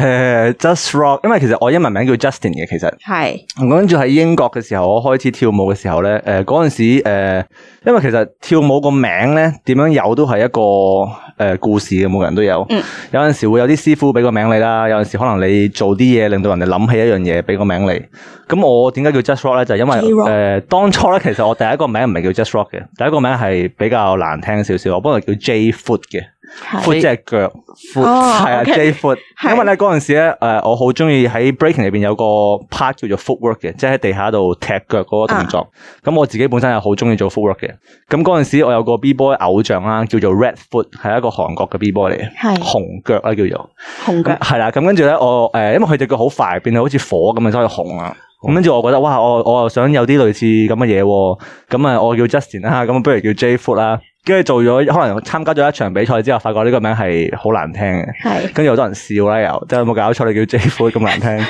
誒、uh，Just Roc，因為其實我英文名叫 Justin 嘅，其實係，跟住喺英國嘅時候，我開始跳舞嘅時候咧，誒嗰陣時，誒、呃，因為其實跳舞個名咧點樣有都係一個誒、呃、故事嘅，每個人都有，嗯、有陣時會有啲師傅俾個名你啦，有陣時可能你做啲嘢令到人哋諗起一樣嘢，俾個名你。咁我點解叫 Just Roc 咧？就係、因為誒、呃、當初咧，其實我第一個名唔係叫 Just Roc 嘅，第一個名係比較難聽少少，我本來叫 J Foot 嘅。foot foot 隻腳 foot 係啊，J foot，okay, 因為咧嗰陣時咧，誒，我好中意喺 breaking 裏邊有個 part 叫做 footwork 嘅的，即係喺地下度踢腳嗰個動作。咁、啊、我自己本身又好中意做 footwork 嘅。咁嗰陣時我有個 B boy 偶像啦，叫做 Red Foot，係一個韓國嘅 B boy 嚟嘅的，紅腳啊叫做。紅腳係啦，咁跟住咧，我誒，因為佢隻腳好快，變到好似火咁啊，所以,以紅啊。咁跟住我覺得，哇，我我又想有啲類似咁嘅嘢。咁啊，我叫 Justin 啦，咁不如叫 J foot 啦。跟住做咗可能參加咗一場比賽之後，發覺呢個名係好難聽嘅，跟住好多人笑啦，又即係有冇搞錯你叫 JFK 咁難聽，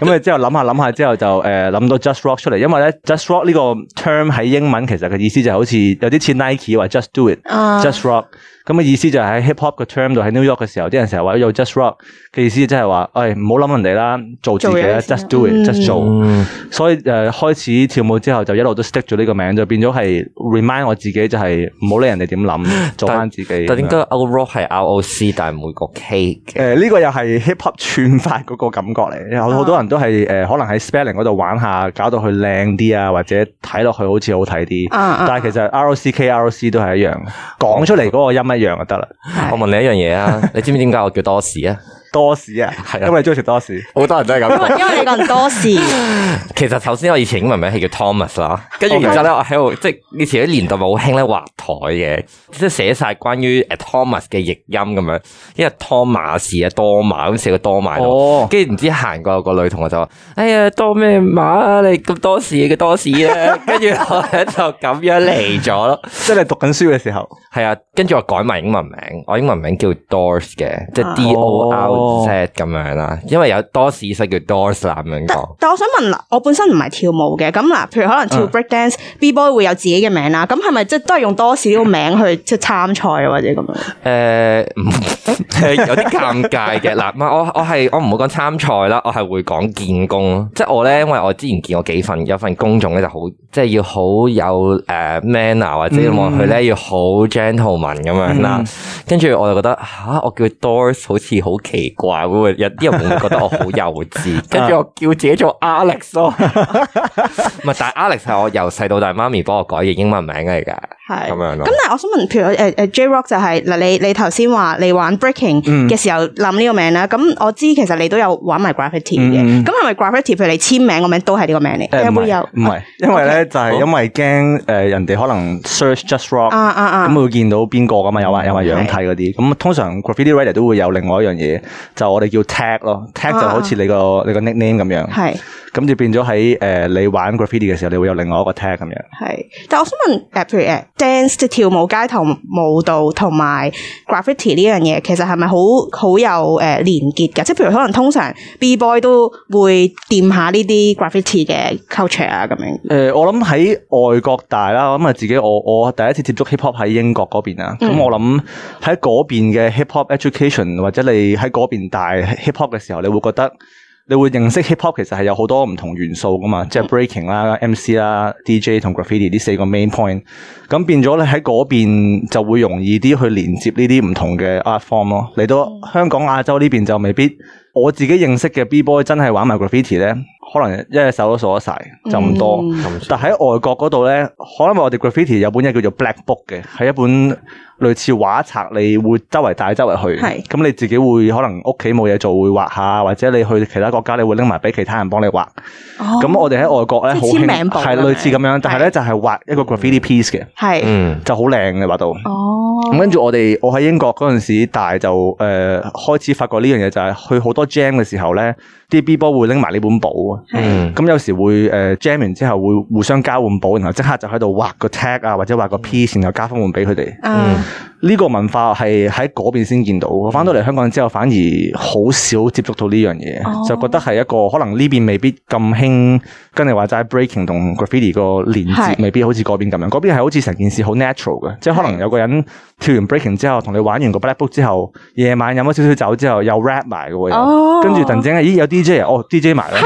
咁啊之後諗下諗下之後就誒諗、呃、到 Just Roc 出嚟，因為咧 Just Roc 呢個 term 喺英文其實嘅意思就好似有啲似 Nike 話 Just Do It，Just、uh. Roc。咁嘅意思就係喺 hip hop 嘅 term 度喺 New York 嘅時候，啲人成日話要 just rock 嘅意思，即係話誒唔好諗人哋啦，做自己啦，just do it，just 做。所以誒開始跳舞之後就一路都 stick 咗呢個名，就變咗係 remind 我自己，就係唔好理人哋點諗，做翻自己。但點解 Roc 係 R O C，但係冇個 K？誒呢個又係 hip hop 串法嗰個感覺嚟，好多人都係誒可能喺 spelling 度玩下，搞到佢靚啲啊，或者睇落去好似好睇啲。但係其實 R O C K R O C k 都係一樣講出嚟個音一樣就得啦。我問你一樣嘢啊，你知唔知點解我叫多士啊？多士啊，係啊，因為中意食多士，好多人都係咁，因為你個人多士。其實首先我以前英文名係叫 Thomas 啦，跟住然之後咧我喺度，即係以前啲年代咪好興咧畫台嘅，即係寫晒關於誒 Thomas 嘅譯音咁樣，因為 Thomas 啊多馬咁寫個多馬，哦，跟住唔知行過有個女同學就話，哎呀多咩馬啊，你咁多士嘅多士啊，跟住我咧就咁樣嚟咗咯，即係你讀緊書嘅時候，係啊，跟住我改埋英文名，我英文名叫 Dorsh 嘅，即係 D O R。set 咁、oh，樣啦，因為有多士 s 叫 doors 咁樣講。但我想問啦，我本身唔係跳舞嘅，咁嗱，譬如可能跳 break dance，b、嗯、boy 會有自己嘅名啦，咁係咪即係都係用多士呢個名去即係參賽啊， 或者咁樣？誒、呃， 有啲尷尬嘅嗱，唔係我我係我唔會講參賽啦，我係會講見工即係我咧，因為我之前見過幾份有份工種咧，就好即係要好有誒、uh, manner 或者要望佢咧要好 gentleman 咁樣啦、嗯。跟住、嗯、我就覺得吓、啊，我叫 doors 好似好奇。怪會，有啲人會覺得我好幼稚，跟住我叫自己做 Alex 咯。唔係，但係 Alex 係我由細到大媽咪幫我改嘅英文名嚟噶。係咁樣。咁但係我想問，譬如誒誒 J Rock 就係嗱，你你頭先話你玩 Breaking 嘅時候，諗呢個名啦。咁我知其實你都有玩埋 Graffiti 嘅。咁係咪 Graffiti？譬如你簽名個名都係呢個名嚟？有唔有？唔係，因為咧就係因為驚誒人哋可能 search Just Roc 咁會見到邊個噶嘛？有啊有啊，樣睇嗰啲。咁通常 Graffiti Writer 都會有另外一樣嘢。就我哋叫 tag 咯，tag 就好似你個、啊、你個 nickname 咁樣。係是，咁就變咗喺誒你玩 graffiti 嘅時候，你會有另外一個 tag 咁樣。係，但我想問誒，譬如誒 dance、啊啊、跳舞、街頭舞蹈同埋 graffiti 呢樣嘢，其實係咪好好有誒、呃、連結嘅？即係譬如可能通常 B boy 都會掂下呢啲 graffiti 嘅 culture 啊咁樣。誒、呃，我諗喺外國大啦，咁啊自己我我第一次接觸 hip hop 喺英國嗰邊啊，咁、嗯、我諗喺嗰邊嘅 hip hop education 或者你喺嗰。邊大 hip hop 嘅時候，你會覺得你會認識 hip hop 其實係有好多唔同元素噶嘛，mm. 即係 breaking 啦、MC 啦、DJ 同 graffiti 呢四個 main point。咁變咗咧喺嗰邊就會容易啲去連接呢啲唔同嘅 art form 咯。嚟到香港亞洲呢邊就未必，我自己認識嘅 B boy 真係玩埋 graffiti 咧，可能一隻手都數得晒，就唔多。Mm. 但喺外國嗰度咧，可能我哋 graffiti 有本嘢叫做 Black Book 嘅，係一本。類似畫冊你會周圍帶周圍去，咁你自己會可能屋企冇嘢做會畫下，或者你去其他國家你會拎埋俾其他人幫你畫。咁我哋喺外國咧，係類似咁樣，但係咧就係畫一個 graffiti piece 嘅，就好靚嘅畫到。咁跟住我哋，我喺英國嗰陣時大就誒開始發覺呢樣嘢，就係去好多 jam 嘅時候咧，啲 B 波會拎埋呢本簿，咁有時會誒 jam 完之後會互相交換簿，然後即刻就喺度畫個 tag 啊，或者畫個 piece，然後加分換俾佢哋。呢個文化係喺嗰邊先見到，我翻到嚟香港之後反而好少接觸到呢樣嘢，哦、就覺得係一個可能呢邊未必咁興。跟你話齋 breaking 同 graffiti 個連接，未必好似嗰邊咁樣。嗰是邊係好似成件事好 natural 嘅，即係可能有個人。跳完 breaking 之後，同你玩完個 black book 之後，夜晚飲咗少少酒之後，又 rap 埋嘅喎，跟住鄧晶咦有 DJ 哦 DJ 埋啦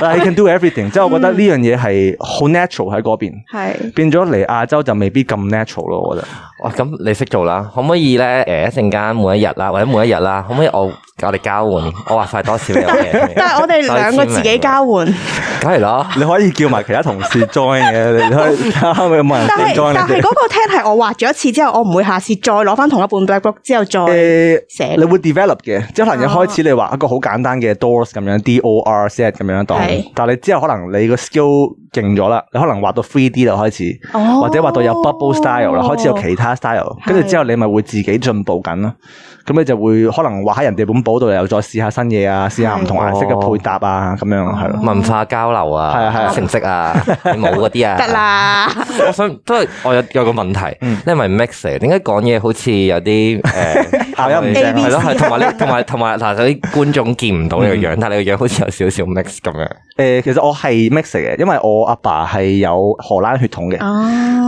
，I can everything，即係我覺得呢樣嘢係好 natural 喺嗰邊，係變咗嚟亞洲就未必咁 natural 咯，我覺得。哇，咁你識做啦，可唔可以咧？誒，一陣間每一日啦，或者每一日啦，可唔可以我我哋交換？我畫晒多少嘢？但係我哋兩個自己交換，梗係咯，你可以叫埋其他同事 join 嘅，你可以問人 join 但係嗰個廳係我畫咗一次之後，我唔會下次再攞翻同一本 blackbook 之後再寫，欸，你會 develop 嘅。即可能一開始你畫一個好簡單嘅 doors 咁樣，D O R S 咁樣當。但係你之後可能你個 skill 勁咗啦，你可能畫到 three D 就開始，哦、或者畫到有 bubble style 啦、哦，開始有其他 style，跟住之後你咪會自己進步緊咯。是咁你就會可能畫喺人哋本簿度，又再試下新嘢啊，試下唔同顏色嘅配搭啊，咁樣係咯，文化交流啊，係啊係啊，成績啊，你冇嗰啲啊，得啦。我想都係，我有有個問題，你係咪 mix？點解講嘢好似有啲誒口音啫？係咯係，同埋咧，同埋同埋嗱，啲觀眾見唔到你個樣，但係你個樣好似有少少 mix 咁樣。誒，其實我係 mix 嘅，因為我阿爸係有荷蘭血統嘅，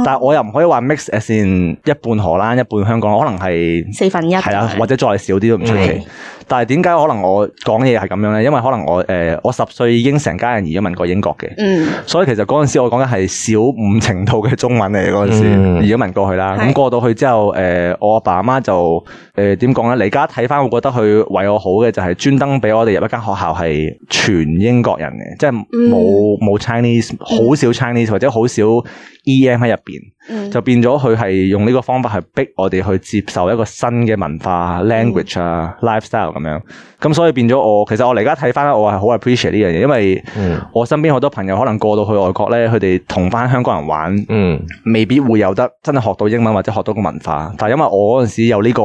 但係我又唔可以話 mix 誒，先一半荷蘭一半香港，可能係四分一係啊，或即再少啲都唔出奇，嗯。但係點解可能我講嘢係咁樣咧？因為可能我誒、呃、我十歲已經成家人移民過英國嘅，嗯，所以其實陣時我講嘅係小五程度嘅中文嚟嗰陣時，嗯、移民過去啦。咁、嗯、過到去之後誒、呃、我阿爸阿媽就誒點講咧？你而家睇翻，我覺得佢為我好嘅就係專登俾我哋入一間學校係全英國人嘅，即係冇冇 Chinese，好少 Chinese 或者好少 EM 喺入邊，嗯、就變咗佢係用呢個方法去逼我哋去接受一個新嘅文化 language 啊 lifestyle。啊 Life style, 咁樣，咁所以變咗我，其實我嚟而家睇翻咧，我係好 appreciate 呢樣嘢，因為我身邊好多朋友可能過到去外國咧，佢哋同翻香港人玩，嗯，未必會有得真係學到英文或者學到個文化，但係因為我嗰陣時有呢個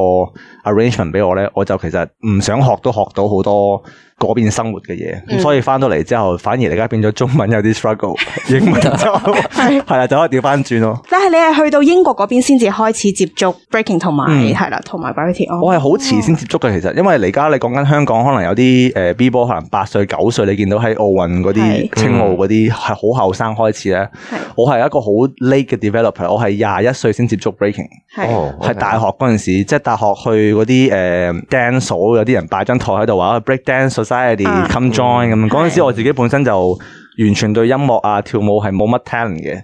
arrangement 俾我咧，我就其實唔想學都學到好多。嗰邊生活嘅嘢，咁、嗯、所以翻到嚟之後，反而而家變咗中文有啲 struggle，英文就係啦， 就可以調翻轉咯。但係你係去到英國嗰邊先至開始接觸 breaking 同埋係啦，同埋、嗯哦、我係好遲先接觸嘅，其實，因為而家你講緊香港，可能有啲誒、呃、B 波，ball, 可能八歲九歲，你見到喺奧運啲青奧啲係好後生開始咧。我係一個好 late 嘅 developer，我係廿一歲先接觸 breaking，係的、哦、大學嗰陣時 okay 即係大學去啲誒 dance 有啲人擺張台喺度話 break dance。啲、um, come join 咁、um, right. mm. uh, uh, 嗰陣時我自己本身就完全對音樂啊、跳舞係冇乜 talent 嘅，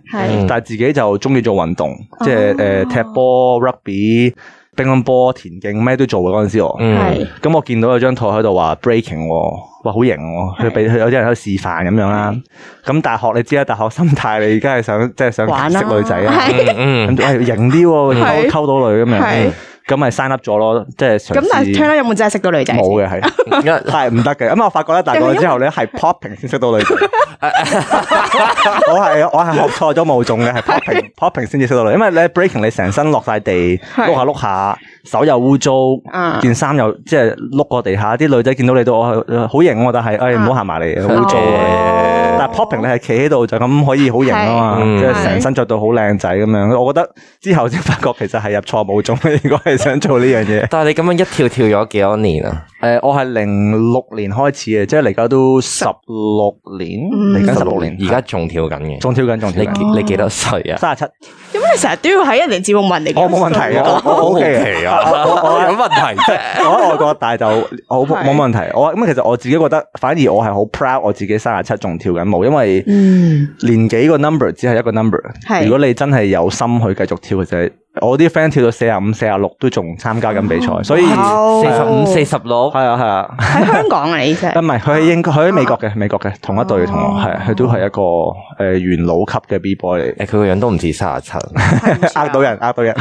但係自己就中意做運動，即係誒踢波、rugby、乒乓波、田徑，咩都做。嗰陣時我，咁我見到有張台喺度話 breaking，哇好型喎，佢俾佢有啲人喺度示範咁樣啦。咁大學你知啦，大學心態你而家係想即係想識結女仔啊，咁要型啲喎，好溝到女咁樣。咁咪生笠咗咯，即係。咁但係聽咧有冇真係識到女仔？冇嘅係，係唔得嘅。咁我發覺咧，大個咗之後咧，係 popping 先識到女仔。 我係我係學錯咗舞種嘅，係 popping popping 先至識到女。因為你 breaking 你成身落晒地，碌下碌下，手又污糟，件衫的、啊、又即係碌過地下，啲女仔見到你都，我好型我覺得係，哎唔好行埋嚟，污糟嘅。但係 popping 你係企喺度就咁可以好型啊嘛，即係成身着到好靚仔咁樣。我覺得之後先發覺其實係入錯舞種。如果係想做呢樣嘢，但係你咁樣一跳跳咗幾多年啊？誒，我係零六年開始嘅，即係嚟緊都十六年。嚟緊十六年，而家仲跳緊嘅，仲跳緊，仲跳緊。你你幾多歲啊？三十七。咁你成日都要喺人哋節目問你？我冇問題喎，我好奇啊，我冇問題。我喺外國，大就好冇問題。我咁其實我自己覺得，反而我係好 proud 我自己三十七仲跳緊。冇，因為年紀個 number 只係一個 number。係如果你真係有心去繼續跳嘅，啫、就係。我啲 friend 跳到四十五、四十六都仲參加緊比賽，所以四十五、四十六係啊係啊，喺香港啊呢。唔係，佢喺英國，佢喺美國嘅，美國嘅同一隊同學，係佢都係一個誒元老級嘅 B-boy 嚟。佢個樣都唔似卅七，呃到人，呃到人。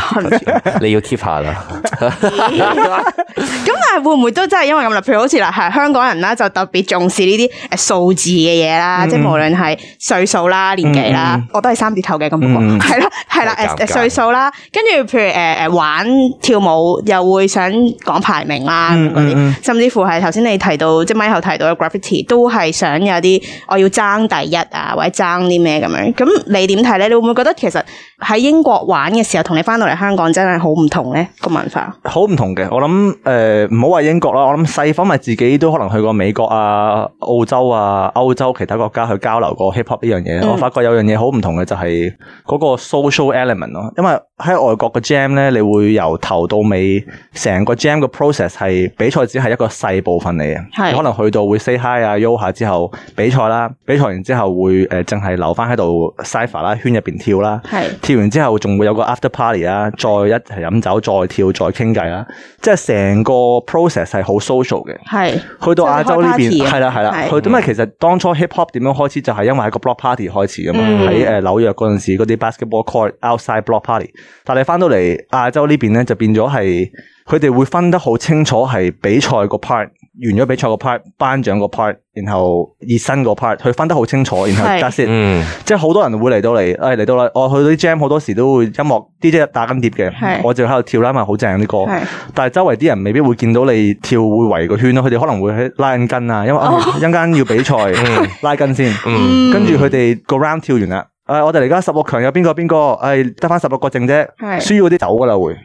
你要 keep 下啦。咁但係會唔會都真係因為咁啦？譬如好似啦，係香港人啦，就特別重視呢啲誒數字嘅嘢啦，即係無論係歲數啦、年紀啦，我都係三字頭嘅咁，係咯，係啦，誒誒歲數啦。跟住，譬如誒誒、呃、玩跳舞，又會想講排名啦啲，嗯、些甚至乎係頭先你提到，嗯、即係 Michael 提到嘅 Graffiti 都係想有啲我要爭第一啊，或者爭啲咩咁樣。咁你點睇咧？你會唔會覺得其實？喺英國玩嘅時候，同你翻到嚟香港真係好唔同咧個文化。好唔同嘅，我諗誒唔好話英國啦。我諗西方咪自己都可能去過美國啊、澳洲啊、歐洲其他國家去交流過 hip hop 呢樣嘢。嗯、我發覺有樣嘢好唔同嘅就係嗰個 social element 咯。因為喺外國嘅 jam 咧，你會由頭到尾成個 jam 嘅 process 係比賽只係一個細部分嚟嘅。係是可能去到會 say hi 啊、喐下、oh、之後比賽啦，比賽完之後會誒淨係留翻喺度 cypher 啦、圈入邊跳啦。係。跳完之後仲會有個 after party 啦，再一齊飲酒、再跳、再傾偈啦，即係成個 process 係好 social 嘅是。係去到亞洲呢邊，係啦係啦。佢咁為其實當初 hip hop 點樣開始，就係、是、因為喺個 block party 開始嘅嘛。喺誒的紐約嗰陣時，嗰啲 basketball court outside block party 但。但係翻到嚟亞洲邊呢邊咧，就變咗係佢哋會分得好清楚，係比賽個 part 完咗比賽個 part，頒獎個 part，然後熱身個 part，佢分得好清楚。然後家先，嗯、即係好多人會嚟到嚟，哎嚟到啦！我去到啲 jam 好多時都會音樂 DJ 打緊碟嘅，嗯、我就喺度跳啦，因為好正啲歌。嗯、但係周圍啲人未必會見到你跳圍，會圍個圈咯。佢哋可能會喺拉緊筋啊，因為一陣間、嗯哦、要比賽， 嗯、拉筋先。嗯嗯、跟住佢哋個 round 跳完啦。誒、啊，我哋而家十六強有邊個邊個？誒、哎，得翻十六個淨啫，輸咗啲走噶啦會，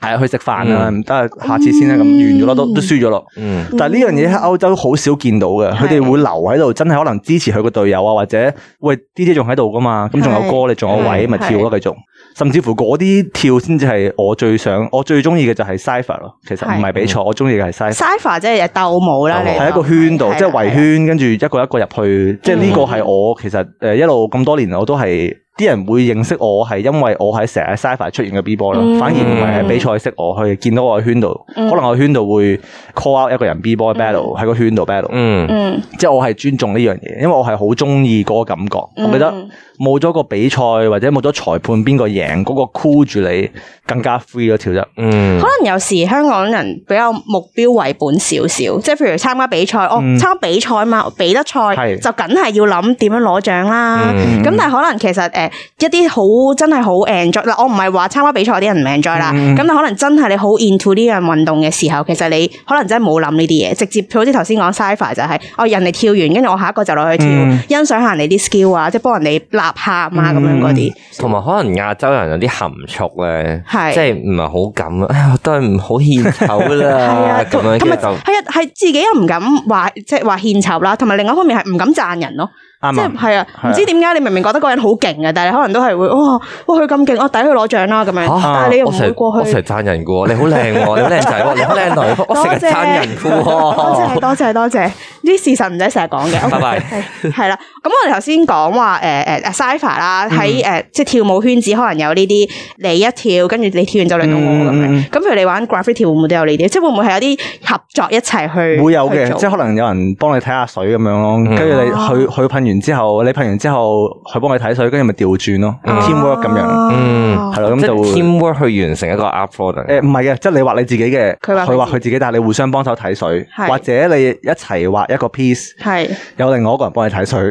係去食飯啊，唔得、啊嗯，下次先啦咁，完咗咯，都都輸咗咯。嗯、但係呢樣嘢喺歐洲好少見到嘅，佢哋、嗯、會留喺度，真係可能支持佢個隊友啊，或者喂 D J 仲喺度噶嘛，咁仲有歌你仲的有位咪的跳咯，繼續。甚至乎嗰啲跳先至係我最想，我最中意嘅就係 Cypher 咯。其實唔係比賽，我中意嘅係 Cypher。Cypher 即係鬥舞啦，你喺一個圈度，即係圍圈，跟住一個一個入去。即係呢個係我其實誒一路咁多年，我都係啲人會認識我，係因為我喺成日 Cypher 出現嘅 B Boy 咯。反而唔係喺比賽識我，去見到我喺圈度，可能我喺圈度會 call out 一個人 B Boy battle 喺個圈度 battle。嗯，即係我係尊重呢樣嘢，因為我係好中意嗰個感覺，我記得。冇咗個比賽或者冇咗裁判，邊、個贏嗰個箍住你更加 free 咗跳得。嗯，可能有時香港人比較目標為本少少，即係譬如參加比賽，嗯、哦，參加比賽嘛，比得賽係就梗係要諗點樣攞獎啦。咁、嗯、但係可能其實誒、呃、一啲好真係好 enjoy 嗱，我唔係話參加比賽啲人唔 enjoy 啦。咁、嗯、但可能真係你好 into 呢樣運動嘅時候，其實你可能真係冇諗呢啲嘢，直接好似頭先講 cypher 就係、係、哦人哋跳完，跟住我下一個就落去跳，欣賞下人哋啲 skill 啊，即係幫人哋怕嘛咁樣嗰啲，同埋，嗯、可能亞洲人有啲含蓄咧，是即係唔係好敢，哎呀 啊，都係唔好獻醜啦。咁樣，係啊，係自己又唔敢話，即係話獻醜啦。同埋另一方面係唔敢讚人咯。即係係啊，唔對吧 知點解你明明覺得嗰人好勁啊，但係可能都係會，哇哇佢咁勁，我抵佢攞獎啦咁樣。吓，但係你又唔會過去，我成我成日讚人嘅喎，你好靚嘅喎，你靚仔，啊，好靚女，我成日讚人㗎。多謝，多謝，多謝。呢啲事實唔使成日講嘅。拜拜。 係係、呃啊啊、啦，咁我哋頭先講話，誒誒 Cypher 啦，喺誒即係跳舞圈子可能有呢啲你一跳，跟住你跳完就輪到我咁，嗯、譬如你玩《Graffiti》會唔會都有呢啲？即係會唔會係有啲合作一齊去？會有嘅，做即係可能有人幫你睇下水咁樣咯，跟住你去去噴完。完之後，你拍完之後，佢幫你睇水，跟住咪調轉咯，teamwork 咁樣，嗯，係咯，咁就 teamwork 去完成一個 art folder。誒，唔係嘅，即係你畫你自己嘅，佢畫佢自己，但係你互相幫手睇水，或者你一齊畫一個 piece，係有另外一個人幫你睇水，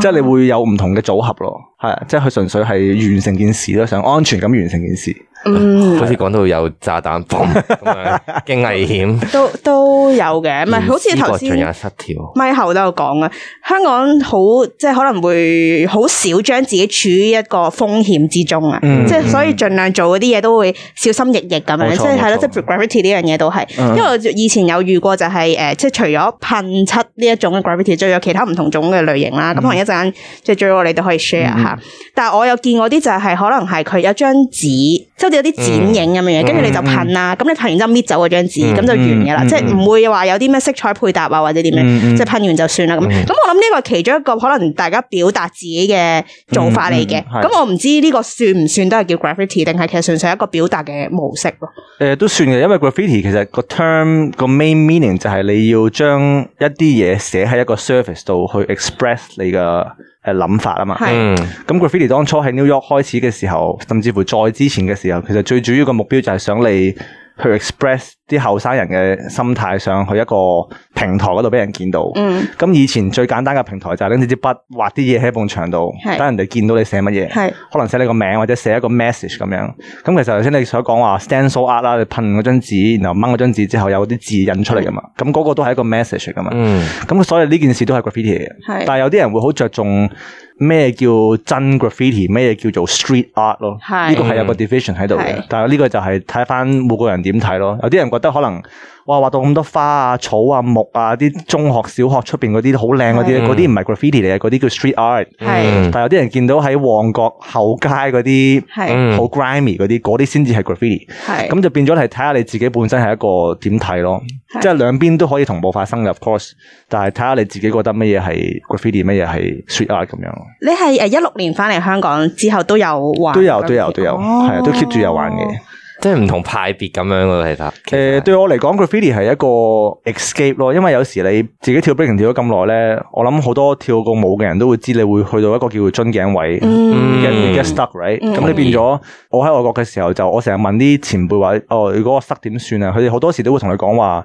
即係你會有唔同嘅組合咯，係，即係佢純粹係完成件事咯，想安全咁完成件事。嗯，好似講到有炸彈房 o 咁啊，驚 危險。都都有嘅，唔係好似頭先咪後都有講啊。香港好即係可能會好少將自己處於一個風險之中啊。嗯、即係所以盡量做嗰啲嘢都會小心翼翼咁樣。即係係咯，即係 graffiti 呢樣嘢都係。因為我以前有遇過就係、是、誒，即係除咗噴漆呢一種 graffiti，仲有其他唔同種嘅類型啦。咁可能一陣間即係最多你都可以 share 下。嗯、但係我有見嗰啲就係可能係佢有張紙。即係有啲剪影咁樣嘢，跟住你就噴啦、嗯、咁、嗯、你噴完之後搣走嗰張紙，咁、嗯、就完噶啦，嗯嗯、即係唔會話有啲咩色彩配搭啊或者點樣，即係噴完就算啦咁。咁我諗呢個係其中一個可能大家表達自己嘅做法嚟嘅。咁、嗯嗯、我唔知呢個算唔算都係叫 graffiti 定係其實純粹係一個表達嘅模式咯。誒、嗯，都算嘅，因為 graffiti 其實，其實個 term 個 main meaning 就係你要將一啲嘢寫喺一個 surface 度去 express 你嘅。誒諗法啊嘛，咁是的、嗯、Graffiti 當初喺 New York 開始嘅時候，甚至乎再之前嘅時候，其實最主要嘅目標就係想你去 express。啲後生人嘅心態上去一個平台嗰度俾人見到，咁、嗯、以前最簡單嘅平台就係拎住支筆畫啲嘢喺埲牆度，等人哋見到你寫乜嘢，可能寫你個名或者寫一個 message 咁樣。咁其實頭先你所講話 stencil art 啦，你噴嗰張紙，然後掹嗰張紙之後有啲字印出嚟噶嘛，咁、那、嗰個都係一個 message 噶嘛。咁所以呢件事都係 graffiti，但係有啲人會好着重咩叫真 graffiti，咩叫做 street art 咯。呢個係有個 division 喺度嘅，但係呢個就係睇翻每個人點睇咯。有啲人。覺得可能哇，畫到咁多花啊草啊木啊啲中學小學出邊嗰啲好靚嗰啲啲唔係 graffiti 嚟嘅，嗰啲是叫 street art 是。係，但有啲人見到喺旺角後街嗰啲係好 grimy 嗰啲，嗰啲先至係 graffiti。係 gr，咁是就變咗係睇下你自己本身係一個點睇咯。即係兩邊都可以同步發生嘅，of course。但係睇下你自己覺得乜嘢係 graffiti，乜嘢係 street art 咁樣。你係誒一六年翻嚟香港之後都有玩都有，都有都有都有，係啊、哦，都 keep 住有玩嘅。即係唔同派別咁樣咯，其實。誒、呃，對我嚟講，graffiti 係一個 escape 咯，因為有時你自己跳 breaking 跳咗咁耐咧，我諗好多跳過舞嘅人都會知你會去到一個叫做樽頸位、嗯、get, get stuck right、嗯。咁你變咗，我喺外國嘅時候就我成日問啲前輩話，哦，如果我塞點算啊？佢哋好多時都會同你講話。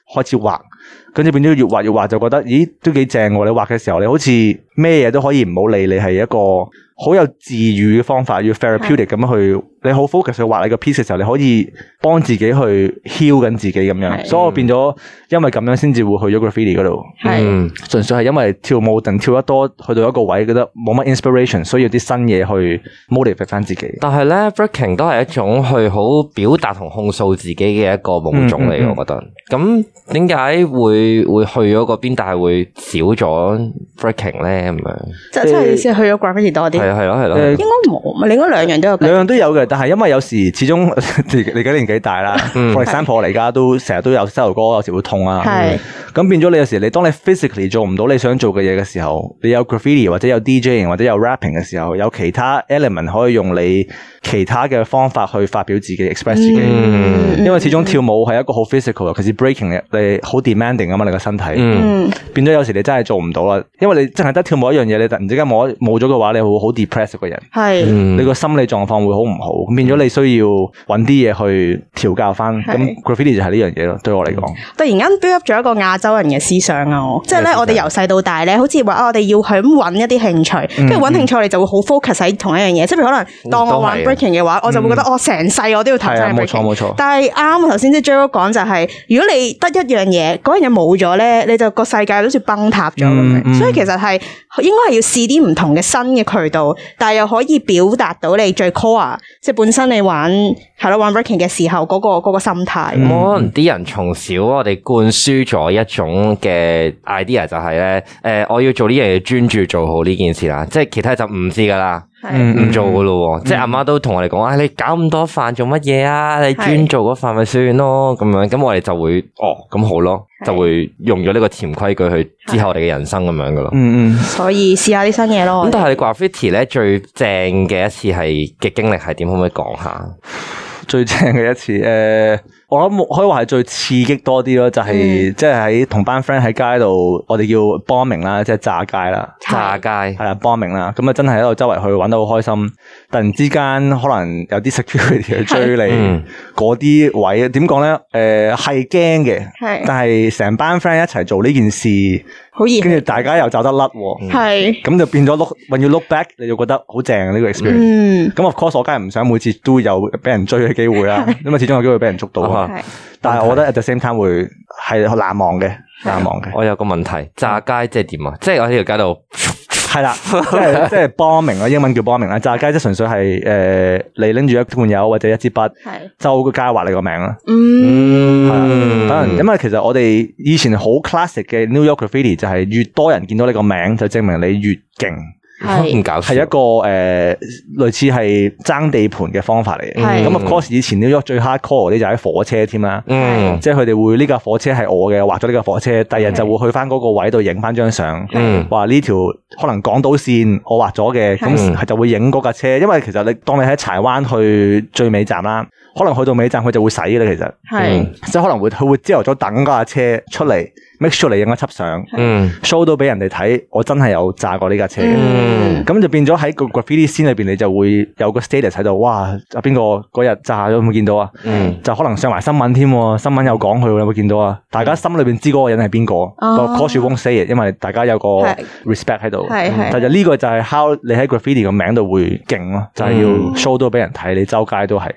開始畫，跟住變咗越畫越畫就覺得，咦，都幾正喎！你畫嘅時候，你好似咩嘢都可以唔好理，你係一個好有治癒嘅方法，要 therapeutic 咁樣去，你好 focus 去畫你個 piece 嘅時候，你可以幫自己去 heal 緊自己咁樣，的所以我變咗因為咁樣先至會去咗 graffiti 嗰度，係純的、嗯、粹係因為跳舞定跳得多去到一個位覺得冇乜 inspiration，需要啲新嘢去 modify 翻自己。但係咧 breaking 都係一種去好表達同控訴自己嘅一個物種嚟，嗯嗯嗯我覺得咁。點解會會去咗嗰邊，但係會少咗 breaking 咧？咁樣即係即係去咗 graffiti 多啲。係啊係應該冇。唔係，應該兩樣都有。兩樣都有嘅，但係因為有時始終 你而家年紀大啦，for example 嚟，而家都成日都有膝頭哥，有時會痛啊。咁是、嗯、變咗你有時你當你 physically 做唔到你想做嘅嘢嘅時候，你有 graffiti 或者有 DJ 或者有 rapping 嘅時候，有其他 element 可以用你其他嘅方法去發表自己 express 自己。嗯嗯、因為始終跳舞係一個好 physical 嘅，尤其是 breaking 好 demanding 啊嘛！你個身體，嗯，變咗有時你真係做唔到啦，因為你淨係得跳舞一樣嘢，你突然之間冇冇咗嘅話，你會好 depressed 個人，係，你個心理狀況會好唔好，變咗你需要搵啲嘢去調教翻。咁 graffiti 就係呢樣嘢咯，對我嚟講，突然間 build up 咗一個亞洲人嘅思想啊！我即係咧，我哋由細到大咧，好似話啊，我哋要去搵一啲興趣，跟住搵興趣，你就會好 focus 喺同一樣嘢，即係可能當我玩 breaking 嘅話，我就會覺得我成世我都要投身喺 breaking。冇錯冇錯。但係啱啱頭先即係 Joe 講就係，如果你得一樣嘢，嗰樣嘢冇咗咧，你就個世界都好似崩塌咗咁樣。嗯嗯、所以其實係應該係要試啲唔同嘅新嘅渠道，但係又可以表達到你最 core，即係本身你玩係咯，玩 breaking 嘅時候嗰、嗰個、嗰個心態。嗯嗯、可能啲人從小我哋灌輸咗一種嘅 idea 就係、是、咧，誒、呃，我要做呢樣嘢專注做好呢件事啦，即係其他就唔知噶啦。唔、嗯、做噶咯，嗯、即係阿媽都同我哋講、嗯哎、啊，你搞咁多飯做乜嘢啊？你專做嗰飯咪算咯，咁樣咁我哋就會哦，咁好咯，是就會用咗呢個潛規矩去之後我哋嘅人生咁樣噶咯。嗯嗯，嗯 所以試下啲新嘢咯。咁但係你 Graffiti 咧最正嘅一次係嘅經歷係點？可唔可以講下？ 最正嘅一次誒。呃我諗可以話係最刺激多啲咯，就係即係喺同班 friend 喺街度，我哋叫 bombing 啦，即係炸街啦，炸街係啊 bombing 啦，咁啊真係喺度周圍去玩得好開心。突然之間可能有啲 security 去追你，嗰啲位點講咧？誒係驚嘅，但係成班 friend 一齊做呢件事，跟住大家又走得甩喎，咁就變咗 look，when you look back，你就覺得好正呢個 experience。咁 of course 我梗係唔想每次都有俾人追嘅機會啦，因為始終有機會俾人捉到。是但係我覺得 at the same time 會係好難忘嘅，的難忘嘅。我有個問題，炸街即係點啊？的的即係我喺條街度係啦， 即係即係 bombing 啦，英文叫 bombing 啦。炸街即係純粹係、呃、你拎住一罐油或者一支筆，就周個街畫你個名啦。的嗯，可能因為其實我哋以前好 classic 嘅 New York graffiti 就係越多人見到你個名，就證明你越勁。係一個誒、呃，類似係爭地盤嘅方法嚟嘅。咁 Of course、mm hmm. 以前呢個最 hardcore 啲就喺火車添啦。嗯、mm，hmm. 即係佢哋會呢架火車係我嘅，畫咗呢架火車，第日就會去翻嗰個位度影翻張相。嗯、mm，話呢條可能港島線我畫咗嘅，咁、mm hmm. 就會影嗰架車。Mm hmm. 因為其實你當你喺柴灣去最尾站啦。可能去到尾站佢就會洗嘅喇，其實係即係可能會佢會朝頭早等架車出嚟，make sure 嚟影一輯相，show 到俾人哋睇，我真係有炸過呢架車。咁就變咗喺個 graffiti scene 裏邊，你就會有個 status 喺度。哇，阿邊個嗰日炸咗，有冇見到啊？就可能上埋新聞添，新聞有講佢，有冇見到啊？大家心裏邊知嗰個人係邊個，個 cause won't say，因為大家有個 respect 喺度。但就呢個就係 how 你喺 graffiti 個名度會勁咯，就係要 show 到俾人睇，你周街都係。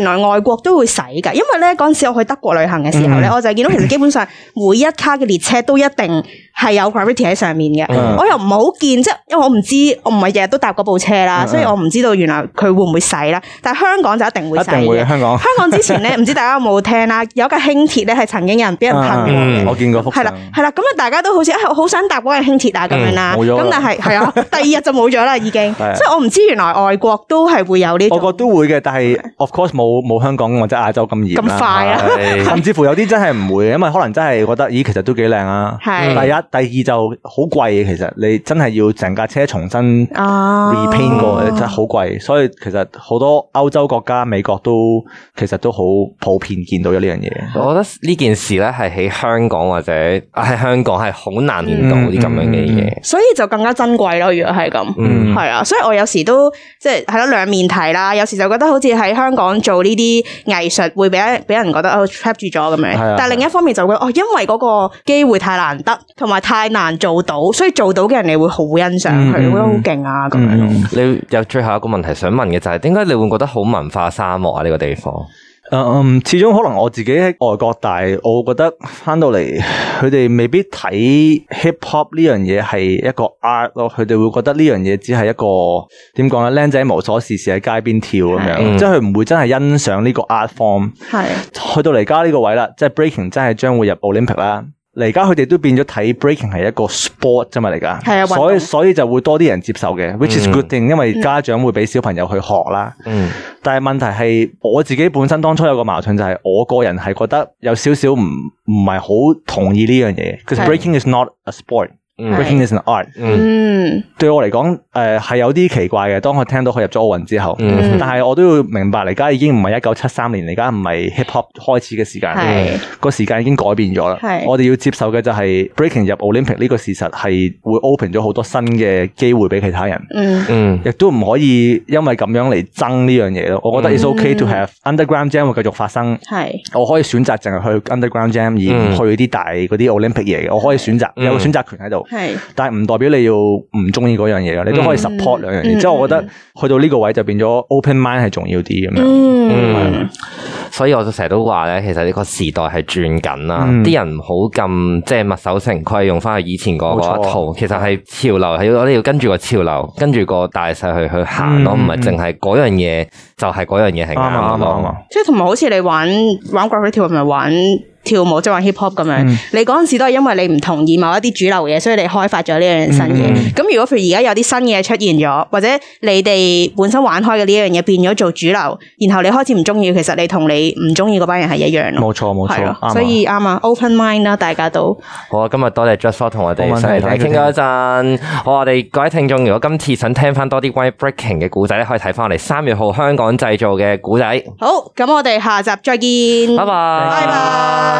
原來外國都會使噶，因為咧嗰陣時我去德國旅行嘅時候咧，嗯哼我就見到其實基本上每一卡嘅列車都一定。係有 gravity 喺上面嘅，我又唔好見，即係因為我唔知，我唔係日日都搭嗰部車啦，所以我唔知道原來佢會唔會使啦。但係香港就一定會使嘅。香港香港之前咧，唔知大家有冇聽啦？有一架輕鐵咧，係曾經有人俾人噴過嘅。我見過。係啦，係啦，咁啊，大家都好似好想搭嗰架輕鐵啊，咁樣啦。咁但係係啊，第二日就冇咗啦，已經。所以我唔知原來外國都係會有呢啲。我覺都會嘅，但係 of course 冇冇香港或者亞洲咁熱咁快啊。甚至乎有啲真係唔會，因為可能真係覺得，咦，其實都幾靚啊。係第一。第二就好貴嘅，其實你真係要成架車重新 repaint 過，啊、真係好貴，所以其實好多歐洲國家、美國都其實都好普遍見到咗呢樣嘢。我覺得呢件事咧係喺香港或者喺香港係好難見到啲咁、嗯、樣嘅嘢，所以就更加珍貴咯。如果係咁，係啊、嗯，所以我有時都即係係咯兩面睇啦。有時就覺得好似喺香港做呢啲藝術會俾俾人覺得哦 trap 住咗咁樣，的但係另一方面就覺得哦，因為嗰個機會太難得同。同埋太難做到，所以做到嘅人你會好欣賞佢，覺得好勁啊咁、嗯、樣。你有最後一個問題想問嘅就係，點解你會覺得好文化沙漠啊？呢個地方，嗯，始終可能我自己喺外國大，但我覺得返到嚟，佢哋未必睇 hip hop 呢樣嘢係一個 art 咯，佢哋會覺得呢樣嘢只係一個點講咧，靚仔無所事事喺街邊跳咁樣，是嗯、即係佢唔會真係欣賞呢個 art form 是。係去到而家呢個位啦，即係 breaking 真係將會入 Olympic 啦。而家佢哋都變咗睇 breaking 係一個 sport 啫嘛，而家，所以所以就會多啲人接受嘅、嗯、，which is good thing，因為家長會畀小朋友去學啦。嗯、但係問題係我自己本身當初有個矛盾，就係我個人係覺得有少少唔唔係好同意呢樣嘢，其實的 breaking is not a sport。Breaking is an art 嗯，對我嚟講，誒、呃、係有啲奇怪嘅。當我聽到佢入咗奧運之後，嗯、但係我都要明白，而家已經唔係一九七三年，而家唔係 hip hop 開始嘅時間，是個時間已經改變咗啦。是我哋要接受嘅就係、是、breaking 入 Olympic 呢個事實係會 open 咗好多新嘅機會俾其他人。嗯嗯，亦都唔可以因為咁樣嚟爭呢樣嘢咯。我覺得 is okay to have underground jam 會繼續發生。係，我可以選擇淨係去 underground jam 而唔去啲大嗰啲 Olympic 嘢嘅。我可以選擇有個選擇權喺度。係，是但係唔代表你要唔中意嗰樣嘢嘅，你都可以 support、嗯、兩樣嘢。之後、嗯、我覺得去到呢個位就變咗 open mind 係重要啲咁樣。嗯吧，所以我就成日都話咧，其實呢個時代係轉緊啦，啲人唔好咁即係墨守成規，用翻去以前嗰嗰一套。其實係潮流，係我哋要跟住個潮流，跟住個大勢去去行咯，唔係淨係嗰樣嘢就係、是、嗰樣嘢係啱咯。即係同埋好似你玩玩鬼跳係咪玩。跳舞即玩 hip hop 咁樣，你嗰陣時都係因為你唔同意某一啲主流嘢，所以你開發咗呢樣新嘢。咁如果譬如而家有啲新嘢出現咗，或者你哋本身玩開嘅呢樣嘢變咗做主流，然後你開始唔中意，其實你同你唔中意嗰班人係一樣咯。冇錯冇錯，所以啱啊，open mind 啦，大家都好啊。今日多謝 Just Roc 同我哋細細傾咗一陣。好，我哋各位聽眾，如果今次想聽翻多啲關於 breaking 嘅故仔咧，可以睇翻我哋三月號香港製造嘅故仔。好，咁我哋下集再見。拜拜。